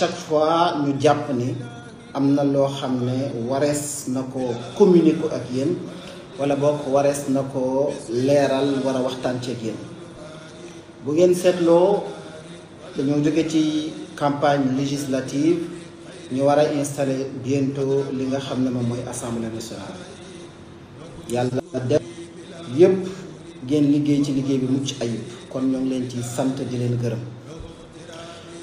chaque fois ñu jàpp ni am na loo xam ne warees na ko communiquer ak yéen wala bokk warees na ko leeral war a waxtaan ci ak bu ngeen seetloo dañoo jóge ci campagne législative ñu war a installer bientôt li nga xam ne moom mooy assemblée nationale yàlla def yépp ngeen liggéey ci liggéey bi mucc ayib kon ñoo leen ci sant di leen gërëm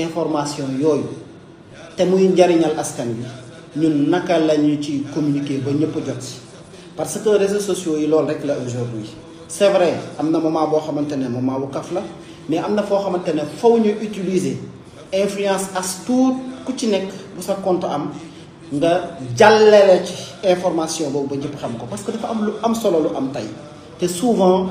information yoy te muy njariñal askan bi ñun naka lañu ci communiquer ba ñëpp jot parce que réseaux sociaux yi lool rek la aujourd'hui c'est vrai am na moment bo xamantene moment wu kaf la mais am na xamantene faw ñu utiliser influence as tout ku ci nek bu sa compte am nga jàllale ci information boobu ba ñëpp xam ko parce que dafa am lu am solo lu am tay te souvent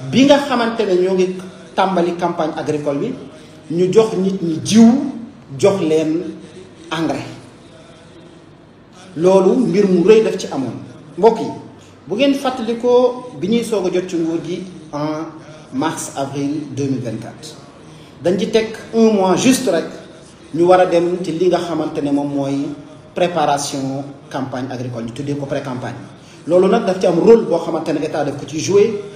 bi nga xamantene ne ñoo ngi campagne agricole bi ñu jox nit ñi jiw jox leen engrais loolu mbir mu rëy daf ci amoon mbokk yi bu ngeen fàttalikoo bi ñuy soog a jot ci nguur gi en mars avril 2024 dañ ci teg un mois juste rek ñu war a dem ci li nga xamante ne moom mooy préparation campagne agricole ñu tuddee ko pré campagne loolu nag daf ci am rôle boo xamante ne état daf ko ci jouer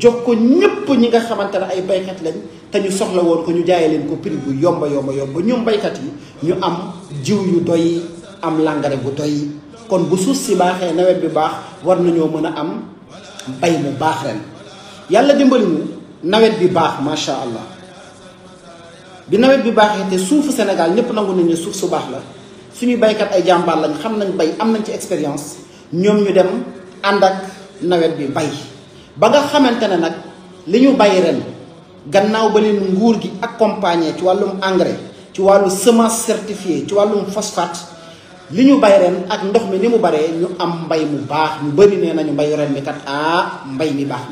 jox ko ñëpp ñi nga xamante ne ay baykat lañ te ñu soxla woon ko ñu jaaye leen ko prix bu yomba yomba yomba ñoom baykat yi ñu am jiw yu doy am langrais bu doy kon bu suuf si baaxee nawet bi baax war nañoo mën a am bay mu baax ren yàlla dimbali ñu nawet bi baax macha allah bi nawet bi baaxee te suufu Sénégal ñëpp nangu nañu suuf su baax la suñu baykat ay jàmbaar lañ xam nañ bay am nañ ci expérience ñoom ñu dem ànd ak nawet bi bay ba nga xamantene nak liñu li bay ren gannaaw ba len nguur gi accompagner ci walum engrais ci walu semence certifiée ci walum phosphate liñu ñu bay ren ak ndox mi ni mu ñu am mbay mu baax ñu bari ne nañu mbay ren mi kat ah mbay mi baax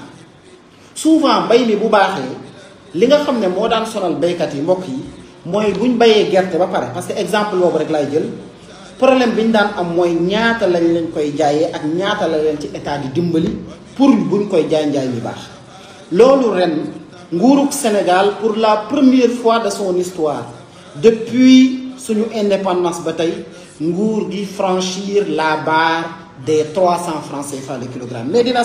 souvent mbay mi bu baaxé li nga xamné mo daan sonal baykat yi mbokk yi moy buñ bayé gerte ba paré parce que exemple bobu rek lay jël problème biñ daan am moy ñaata lañ leen koy jaayé ak ñaata la leen ci état di dimbali pour buñ koy jaay-njaay ren nguurug Sénégal pour la première fois de son histoire depuis son indépendance il a franchi franchir la barre des 300 francs CFA le kilogramme mais dinaa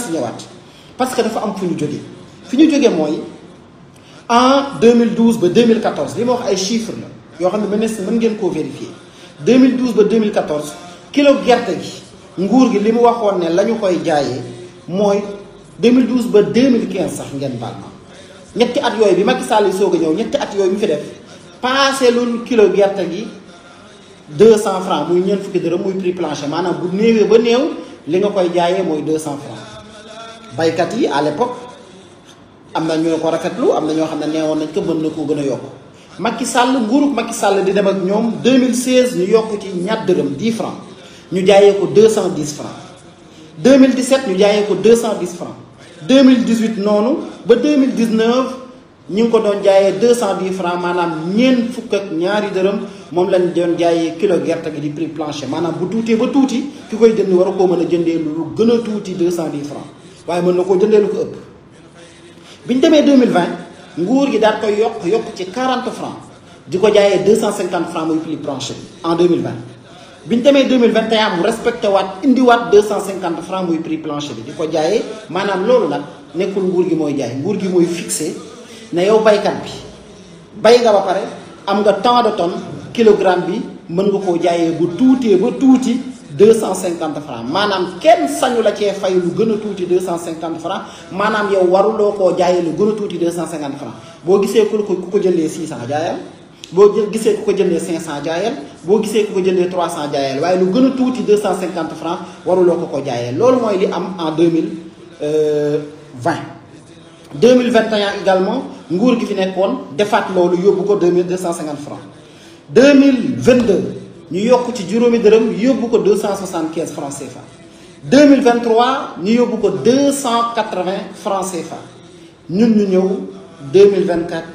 parce que dafa am fini de jógee fi ñu en 2012 2014 li ma wax ay chiffres Il y xam ne ngeen vérifier 2012 2014 kilo gerte gi gi il mooy 2012 ba quinze sax ngeen baal ma ñetti at yooy bi mag Sall yi soog a ñëw ñetti at yooyu mu fi def passé loolu kilo gerte gi 200 francs muy ñeent fukki dërëm muy prix plancher maanaam bu néewee ba néew li nga koy jaayee mooy deux 200 francs baykat yi à l'époque am na ñoo ko rafetlu am na ñoo xam ne neewoon nañ ko mën na koo gën a yokk Macky sàll nguurug Macky Sall di dem ak ñoom 2016 ñu yokk ci ñaar dërëm 10 francs ñu jaayee ko 210 francs 2017 nous avons 210 francs 2018 non. En 2019 nous avons 210 francs nous avons fukk ak ñaari Nous avons lañ doon jaayee kilo gerte gi di prix plancher Nous bu tuutee ba 210 francs En lu ko 2020 Nous avons 40 francs nous avons 250 francs pour les plancher en 2020. 2021 mu respecté Vous 250 francs muy prix plancher bi ko Vous manam loolu nekul nguur gi moy jaay nguur fixé ne yow bi bay nga pare am nga de Vous kilogramme bi nga 250 francs manam kenn sañu la ci fay lu Vous 250 francs Vous yow 250 francs ko 600 vous avez gisee ko 500 jaayal vous gisee ku ko jëndee 300 jaayal waaye lu avez a 250 francs waruloo ko ko jaayal loolu en li en 2020 2021 également nguur gi fi nekkoon defaat loolu yóbbu ko 2250 francs 2022 ñu avons ci 275 francs CFA 2023 ñu yóbbu ko 280 francs CFA ñun ñu 2024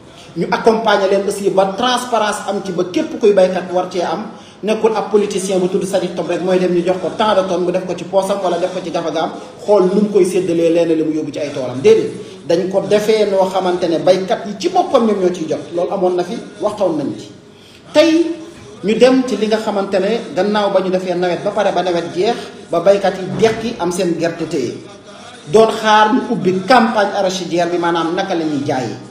ñu accompagner leen aussi ba transparence am ci ba képp kuy baykat war ci am nekul ap politicien bu tuddu Sadikh Top rek moy dem ñu jox ko tant de tonnes mu def ko ci poosam wala def ko ci gafagaam xool nu mu koy séddalee leen li mu yobu ci ay tolam dédé dañ ko défé no xamante baykat yi ci bopam ñom ñoo ciy jot loolu amoon na fi waxtoon nañ ci tay ñu dem ci li nga xamante gannaaw bañu défé nawet ba paré ba nawet jeex ba baykat yi dekki am seen gerte téye doon xaar ñu ubbi campagne arachidière bi manam naka lañuy ñuy jaayee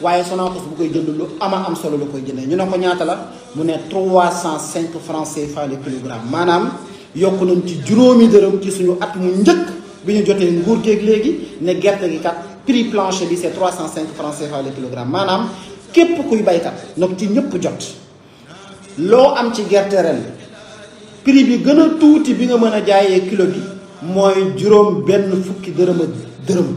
waaye Sonacos bu koy jënd lu ama am solo lu koy jëndee ñu ne ko ñaata la mu ne 305 francs CFA le kilogramme Manam, yokk nañ ci juróomi deureum ci suñu at mu ñëk biñu ñu nguur géeg léegi ne gerte gi kat prix plancher bi c'est 305 francs CFA le kilogramme Manam, képp kuy baykat nag ci ñëpp jot lo am ci gerte ren prix bi gëna tuuti bi nga mëna jaayé kilo bi moy juróom benn fukki deureum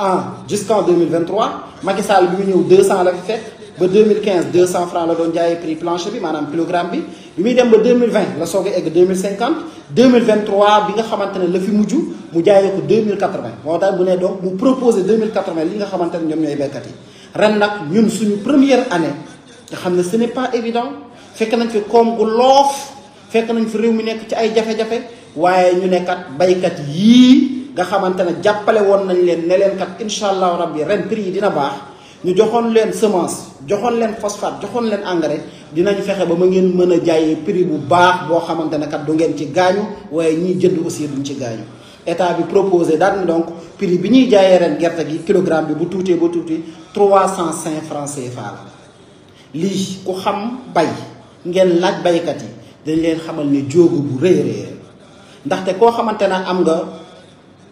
en jusqu'en 2023 Macky Sall bi 200 la fi fait. ba 2015 200 francs la doon jaay prix plancher bi Pilogrambi, kilogramme bi dem ba 2020 la soog est egg 2050 2023 bi nga xamantene la fi muju mu 2080 moo tax bu né donc mu proposé 2080 li nga xamantene ñom ñoy nous yi ren nak ñun suñu première année nga ce n'est pas évident fekk nañ fi comme gu loof fekk nañ fi réew mi nekk ci ay jafé jafé waye ñu ne baykat yi nga xamantene ne won nañ leen ne leen kat inshallah rabbi ren prix dina bax ñu joxon leen semence joxon leen phosphate joxon leen engrais dinañ fexé ba ma ngeen mëna jaay prix bu bax bo xamantene kat du ngeen ci gañu waaye ñi jënd aussi duñ ci gañu état bi proposé daal donc prix bi ñi jaayé ren gerte gi kilogramme bi bu touté bu touté 305 francs CFA li lii ku xam bay ngeen laaj baykat yi dañ leen xamal ni jogu bu reere rëy ndaxte ko xamantena am nga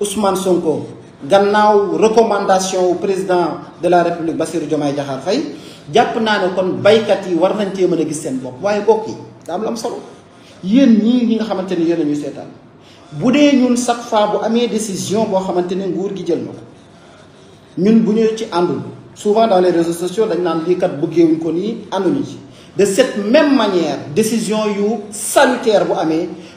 Ousmane Sonko gannaaw recommandation au président de la république Bassirou Diomaye Diakhar Faye jàpp naa ne kon baykat yi war nañ cee mën a gis seen bopp waaye bokk yi daa am lu solo yéen ñii ñi nga xamante ne yéen a ñuy seetaan bu dee ñun chaque fois bu amee décision boo xamante ne nguur gi jël na ko ñun bu ñu ci àndul souvent dans les réseaux sociaux dañ naan lii kat bëggeewuñ ko nii ànduñu ci de cette même manière décision yu salutaire bu amee.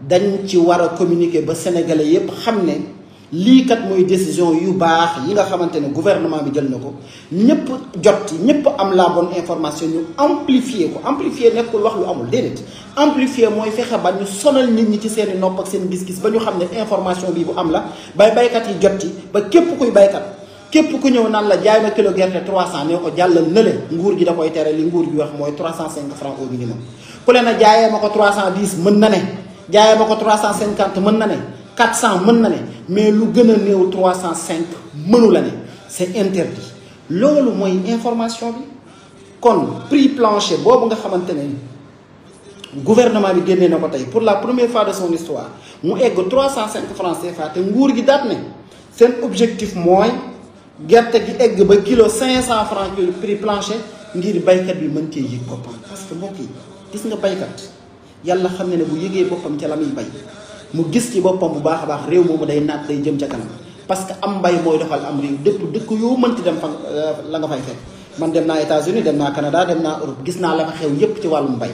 dañ ci war a communiquer ba sénégalais yépp xam ne lii kat mooy décision yu baax yi nga xamante ne gouvernement bi jël na ko ñépp jot ñépp am la bonne information ñu amplifier ko amplifier nekkul wax lu amul déedéet amplifier mooy fexe ba ñu sonal nit ñi ci seeni nopp gis-gis ba ñu xam ne information bi bu am la bay baykat yi jot ci ba képp kuy baykat képp ku ñëw naan la jaay ma kilo gerte 300 nee ko jàllal nële nguur gi da koy tere li nguur gi wax mooy 305 francs au minimum ku leen a jaayee ma ko 310 mën na ne. jaayee mako 350 mën na 400 mën na mais lu gëna a 305 mënu la c'est interdit loolu moy information bi kon prix plancher bobu nga xamantene Le gouvernement bi génnee nako pour la première fois de son histoire mu 305 francs CFA un nguur gi daat né sen objectif moy gerte gi egg ba kilo 500 francs prix plancher ngir baykat bi mën cee yëg parce que mbokk yi gis nga baykat. yàlla xam ne ne bu yëgee boppam ca la muy bay mu gis ci boppam bu baax a baax réew moomu day naat day jëm ca kanam parce que am mbay mooy doxal am réew dëpp dëkk yoo mënti dem fa euh, la nga fay fekk man dem naa états uni dem naa Canada dem naa Europe gis naa la fa xew yépp ci wàllum mbay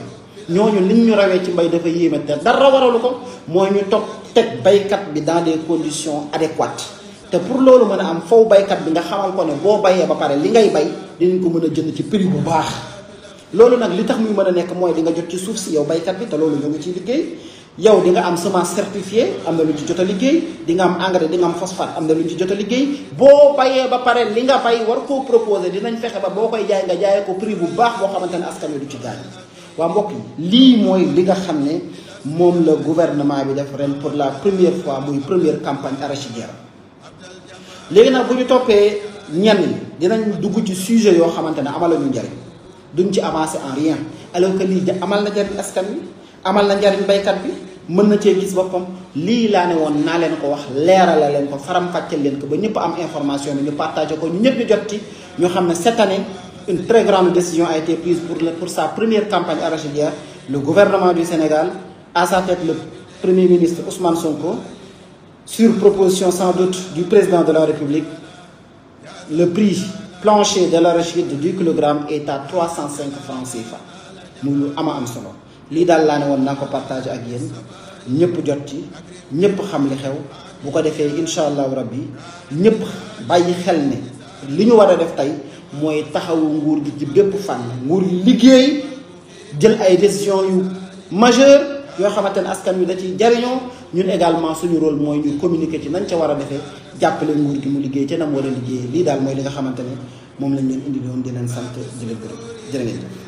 ñooñu liñ ñu rawee ci mbay dafa yéeme te dara waralu ko mooy ñu toog teg baykat bi dans des condition adéquates te pour loolu mën a am faw baykat bi nga xamal ko ne boo bayee ba pare li ngay bay dinañ ko mën a jënd ci prix bu baax lolu nak li tax muy meuna nek moy di nga jot ci souf ci yow baykat bi te lolu ñu ngi ciy liggéey yow di nga am semence certifiée am na lu ci jotta liggey di nga am engrais di nga am phosphate am na lu ci jotta liggey bo boo ba paré li nga bay war ko proposer dinañ fexé ba bokay jaay nga jaay ko prix bu baax bo xamantene askan wi du ci gaañ wa mbokk li moy li nga xamné mom le la gouvernement bi def ren pour la première fois muy première campagne arachidière légui nak buñu topé ñan dinañ dugg ci sujet yo xamantene amala ñu njëriñ duñ ci avancé en rien alors que amal amal bi na gis information ñu cette année une très grande décision a été prise pour le pour sa première campagne arachidière le gouvernement du Sénégal à sa tête le premier ministre Ousmane Sonko sur proposition sans doute du président de la République le prix plancher de la recherche de 2 kg est à 305 francs CFA nous nous ama am solo nous daal laa Nous partage ak Nous xam rabbi ñëpp bàyyi xel nous li ñu war def nous des taxawu nguur nous ci nguur ñun également suñu role mooy ñu communiquer ci nañ ca war a defee jàppale nguur gi mu liggéey te nam war a liggéey lii daal mooy li nga xamante ne moom lañ leen indi doon di leen sant di leen gërëm